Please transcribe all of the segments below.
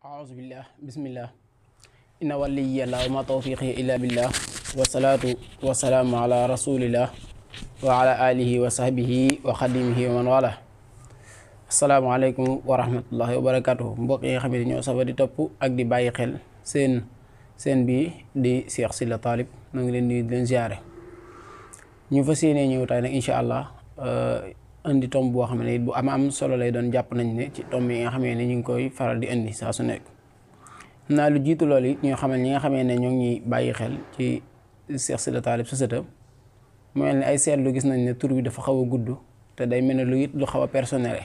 أعوذ بالله بسم الله إن ولي الله وما توفيقه إلا بالله والصلاة والسلام على رسول الله وعلى آله وصحبه وخدمه ومن والاه asalaamaaleykum wa rahmatullahi wa barakatuh mbokk yi nga xam ne ñoo safa di topp ak di bàyyi xel seen seen bii di Cheikh Sylla Talib na ngi leen di leen ziare ñu fas yéenee ñëw tey nag incha allah indi tomb boo xam ne bu am am solo lay doon jàpp nañ ne ci tomb yi nga xamee ne ñu ngi koy faral di indi saa su nekk naa lu jiitu loolu it ñu xamal ñi nga xamee ne ñoo ngi bàyyi xel ci Cheikh Sida Talib Sisata mu mel ne ay seetlu gis nañ ne tur bi dafa xaw a gudd te day mel ne lu it lu xaw a personnel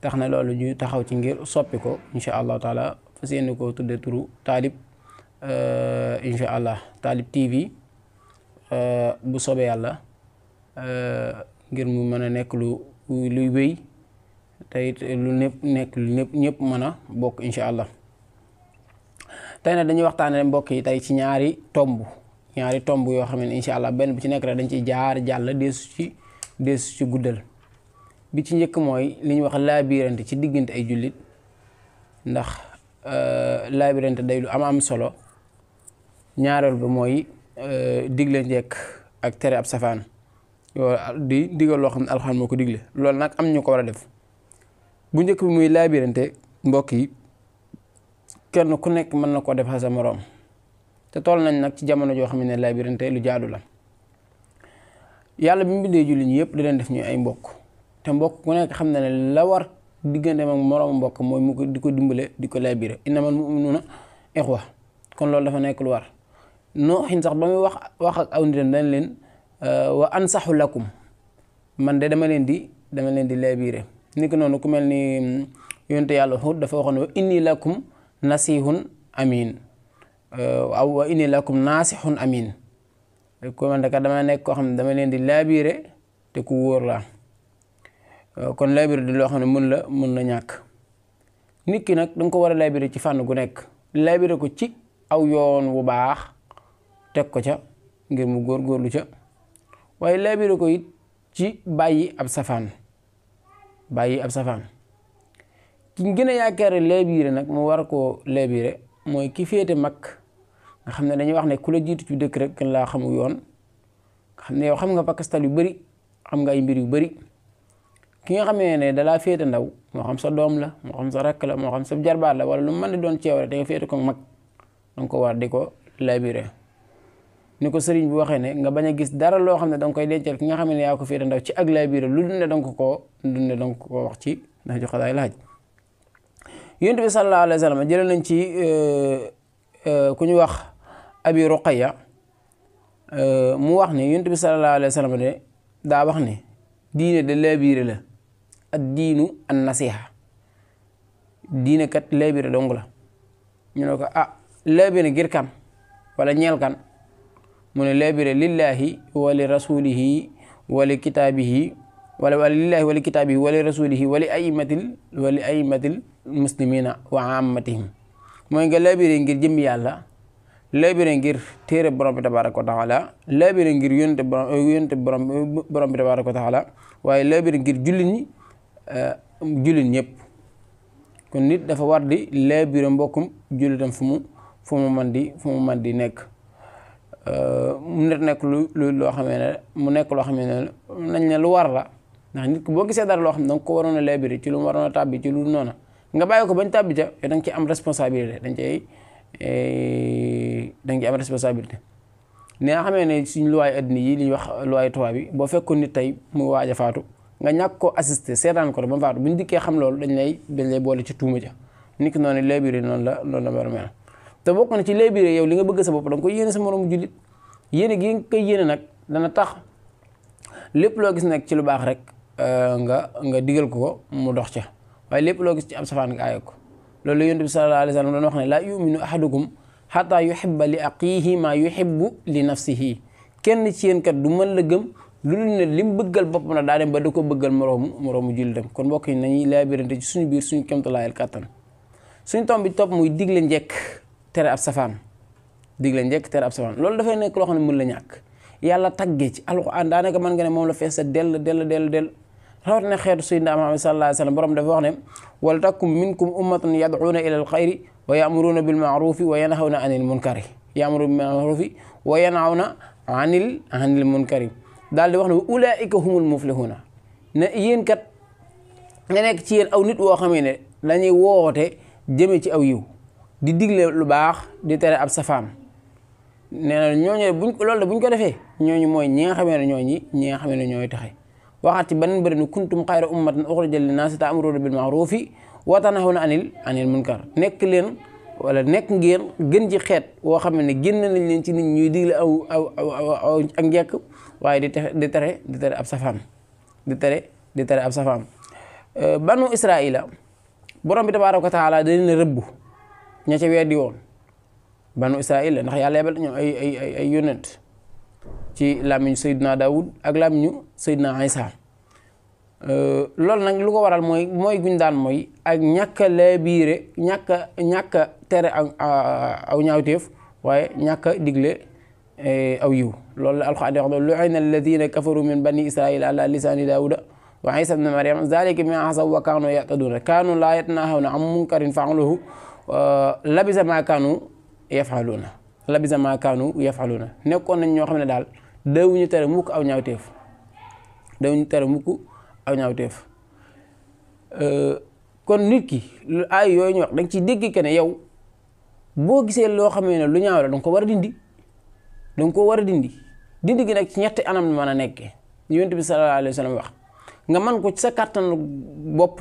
tax na loolu ñu taxaw ci ngir soppi ko incha allahu taala fas yéene koo tuddee turu Talib euh, incha allah Talib TV euh, bu sobee yàlla. Euh, ngir mu mën a nekk lu luy wéy te it lu népp nekk lu népp ñëpp mën a bokk incha allah tey nag dañuy waxtaanee mbokk yi tey ci ñaari tomb ñaari tomb yoo xam ne incha allah benn bu ci nekk rek dañ ci jaar jàll deesu ci deesu ci guddal bi ci njëkk mooy li ñuy wax laabirante ci diggante ay jullit ndax euh, laabirante day lu am am solo ñaareel ba mooy euh, digle njekk ak tere ab safaan Ah, di digal loo xam ne alxuraan moo ko digle loolu nag am ñu ko war a def bu njëkk bi muy laabirante mbokk yi kenn ku nekk mën na koo defal sa moroom te toll nañ nag ci jamono joo xam ne laabirante lu jaadu la yàlla bi mu bindee julli ñi yëpp da leen def ñu ay mbokk te mbokk ku nekk xam na ne la war diggante ak moroom mbokk mooy mu ko di ko dimbale di ko laabire innamal mu'minuuna ixwa kon loolu dafa nekk lu war nooxin sax ba muy wax wax ak aw nitam dañ leen Euh, wa ansaxu lakum man de dama leen di dama leen di laabiire ni noonu ku mel ni mm, yonte yàlla Huud dafa waxoon wa inni lakum nasihun amin euh, aw wa inni man de kat dama nekk koo xam ne dama leen di laabiire te ku wóor laa euh, kon laabiire di loo xam ne mun la mën la ñàkk nit ki nag danga ko war a laabiire ci fànn gu nekk laabiire ko ci aw yoon wu baax teg ko ca ngir mu góor góorlu ca waaye laabire ko it ci bàyyi ab safaan bàyyi ab safaan ki gën a yaakaare laabire nag mu war koo laabire mooy ki féete mag nga xam ne dañuy wax ne ku la jiitu ci dëkk rek kenn laa xamul yoon nga xam ne yow xam nga pakastal yu bari xam nga ay mbir yu bari ki nga xamee ne dalaa féete ndaw moo xam sa doom la moo xam sa rakk la moo xam sa jarbaat la wala lu mën di doon ceew rek da nga féete ko mag danga ko war di ko laabire ni ko sëriñ bi waxee ne nga bañ a gis dara loo xam ne danga koy dencal ki nga xam ne yaa ko féete ndaw ci ak lay biir lu dul ne danga koo dul ne danga koo wax ci ndax jox daay laaj yonent bi sallallahu alayhi wa sallam ci euh, euh, ku ñu wax abi ruqaya euh, mu wax ne yonent bi sallallahu daa wax ne diine la ak diinu an nasiha diine kat dong la ñu ne ko ah lay biir ngir kan wala ñeel kan من لابر لله ولرسوله ولكتابه ولله ولكتابه ولرسوله ولأئمة ولأئمة المسلمين وعامتهم من قال لابر غير جميع الله لابر غير تير برم تبارك وتعالى لابر غير ينت برم ينت برم برم تبارك وتعالى واي لابر جلني جلني يب كن نيت دي لابر مبكم جلتم فمو فمو مندي فمو مندي نك Euh, mu nekk lu lu loo xam ne mu nekk loo xam ne nañ ne lu war la ndax nit ku boo gisee dara loo xam ne danga ko waroon a labiri ci lu mu waroon a tàbbi ci lu noonu nga bàyyi ko bañ tàbbi ca danga ci am responsabilité dañ cay eh, danga ci am responsabilité ne nga xamee ne suñ luwaay addina yi li ñuy wax luwaay tubaab bi boo fekkoon nit tey mu waaj a faatu nga ñàkk koo assister seetaan ko ba mu faatu buñ dikkee xam loolu dañ lay dañ lay boole ci tuuma ja nit ki noonu labiri noonu la loolu la war a mel te bokk na ci léebiré yow li nga bëgg sa bopp da nga koy yéene sa moromu jullit yéene gi nga koy yéene nag dana tax lépp loo gis nekk ci lu baax rek euh, nga nga digal ko ko mu dox ca waaye lépp loo gis ci am safaan nga aaye ko loolu yonent bi sallallahu alayhi wa sallam doon wax ne laa yuminu ahadukum xataa yuhibba li aqiihi maa yuhibbu li nafsihi kenn ci yéen du mën la gëm lu dul ne lim bëggal boppam na daa ba da ko bëggal moroomu moroomu jullitam kon mbokk yi nañuy laabirante ci suñu biir suñu kéemtalaayal kàttan suñu tomb bi topp muy digle njekk tere ab safan dig digle jek tere ab safan loolu da fay nek lo xamne mën la ñak yàlla taggé ci alquran da naka man nga ne mom la fees del del del del rawat na xeetu sayyidina Muhammad sallallahu alayhi wasallam sallam borom dafa wax ne wal takum minkum ummatun yad'una ila alxayri wa ya'muruna bil ma'rufi wa yanhauna anil munkari ya'muruna bil ma'rufi wa yanhauna anil anil munkari dal di wax ne wa ulaika humul muflihuna ne yéen kat nga nek ci yéen aw nit wo xamene ne dañuy woote jëme ci aw yiw di digle lu bax di tere ab safaan nee na ñooñu buñ ko de buñ ko défé ñoñu moy ñi nga xamé ne ñooñi ñi nga xamé ne ñoy taxe waxati ci beneen bëri ni kuntum khayra ummatin ukhrijal linasi ta'muruuna bil ma'ruf wa tanahuna anil anil munkar nek leen wala nek ngeen gën ci xeet wo xamé ne gën nañ leen ci nit ñuy digle aw aw ak njekk waye di te di tere di tere ab safaan di tere di tere ab safaan banu israila borom bi tabaaraku taala dañ leen rëbb ña ca weddi woon banu Israil ndax ya lebal ñom ay ay ay yonent ci lamiñ Seydina Daoud ak lamiñ Seydina Isa euh lool nak lu ko waral moy moy guñ daan moy ak ñaka a laabiire ñaka a ñàkk a aw ñaawteef waye ñaka a digle aw yu lool la alxuraan di wax ayna alladhina kafaru min bani israil ala lisan daoud وعيسى ابن مريم ذلك zalika عصوا وكانوا يعتدون كانوا لا يتناهون عن منكر فعلوه Euh, labisa maa kaanu na labisa maa kaanu na nekkoon nañ ñoo xam ne daal dawuñu tere mukk aw ñaawteef dawuñu tere mukk aw ñaawteef euh, kon nit ki lu aay yooyu ñu wax da nga ciy dégg que ne yow boo gisee loo xamee ne lu ñaaw la danga ko war a dindi danga ko war a dindi dindi gi nag ci ñetti anam la mën a nekkee yonent bi sallallahu alayhi wa wax nga man ko ci sa kàttanu bopp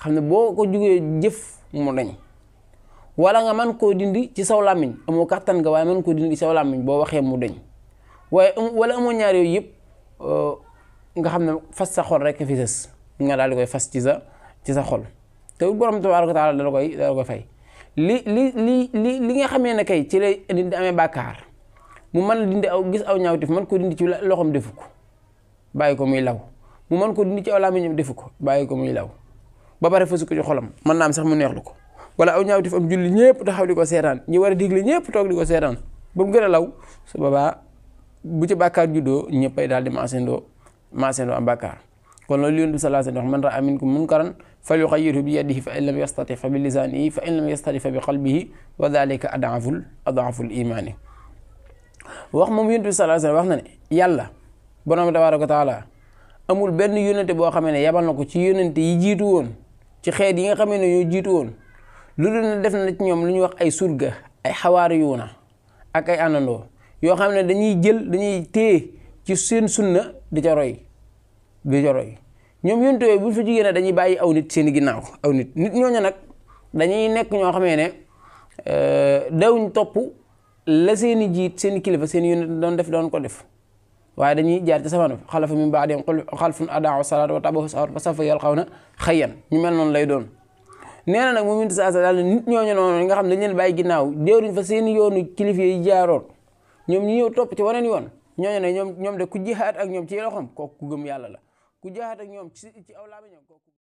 xam ne boo ko jugee jëf mu nañ wala nga man koo dindi ci saw làmmiñ amoo kàttan nga waaye mën koo dindi ci saw làmmiñ boo waxee mu deñ waaye wala amoo ñaar yooyu yëpp uh, nga xam ne fas sa xol rek fi sës nga daal di koy fas ci sa ci sa xol te borom tabaaraka taala dala koy dala koy fay li li li li li nga xamee ne kay ci lay dindi amee bàkkaar mu mën dindi aw gis aw ñaawtif mën koo dindi ci loxoom defu ko bàyyi ko muy law mu mën ko dindi ci aw làmmiñam defu ko bàyyi ko muy law ba pare fasu ko ci mën naa am sax mu neexlu ko wala aw ñaawteef am julli ñëpp taxaw di ko seetaan ñi war a digle ñëpp toog di ko seetaan ba mu gën a law su boobaa bu ci bàkkaar juddoo ñëppay daal di maasandoo maasandoo am bàkkaar kon loolu yonent bi sallallahu alayhi man raa minkum munkaran falyughayyirhu bi yadihi fa in lam yastati fa bi lisanihi fa fa bi qalbihi wa dhalika adaful wax moom yonent bi sallallahu wax na ne yàlla borom tabaaraka wa taala amul benn yonente boo xamee ne yabal na ko ci yonente yi jiitu woon ci xeet yi nga xamee ne ñoo jiitu woon lu dul ne def na ci ñoom lu ñuy wax ay surga ay xawaar xawaari na ak ay àndandoo yoo xam ne dañuy jël dañuy téye ci seen sunna di ca roy di ca roy ñoom yonent yooyu bu fa jigéen dañuy bàyyi aw nit seeni ginnaaw aw nit nit ñooñu nag dañuy nekk ñoo xamee ne euh, dawuñ topp la seen i jiit seen kilifa seen yonent doon def doon ko def waaye dañuy jaar ci safaan bi xalafa min baadihim xalfun adaa'u salaata wa tabahu sawaat fa sawfa yalqawna xayyan ñu mel noonu lay doon nee na nag moom it saa sa daal ne nit nga xam ne dañ leen bàyyi ginnaaw déeruñ fa seen yoonu kilifa yi jaaroon ñoom ñu ñëw topp ci waneen yoon ñooñu ne ñoom ñoom de ku jihaat ak ñoom ci loxoom kooku ku gëm yàlla la ku jihaat ak ñoom ci ci aw laabe ñoom kooku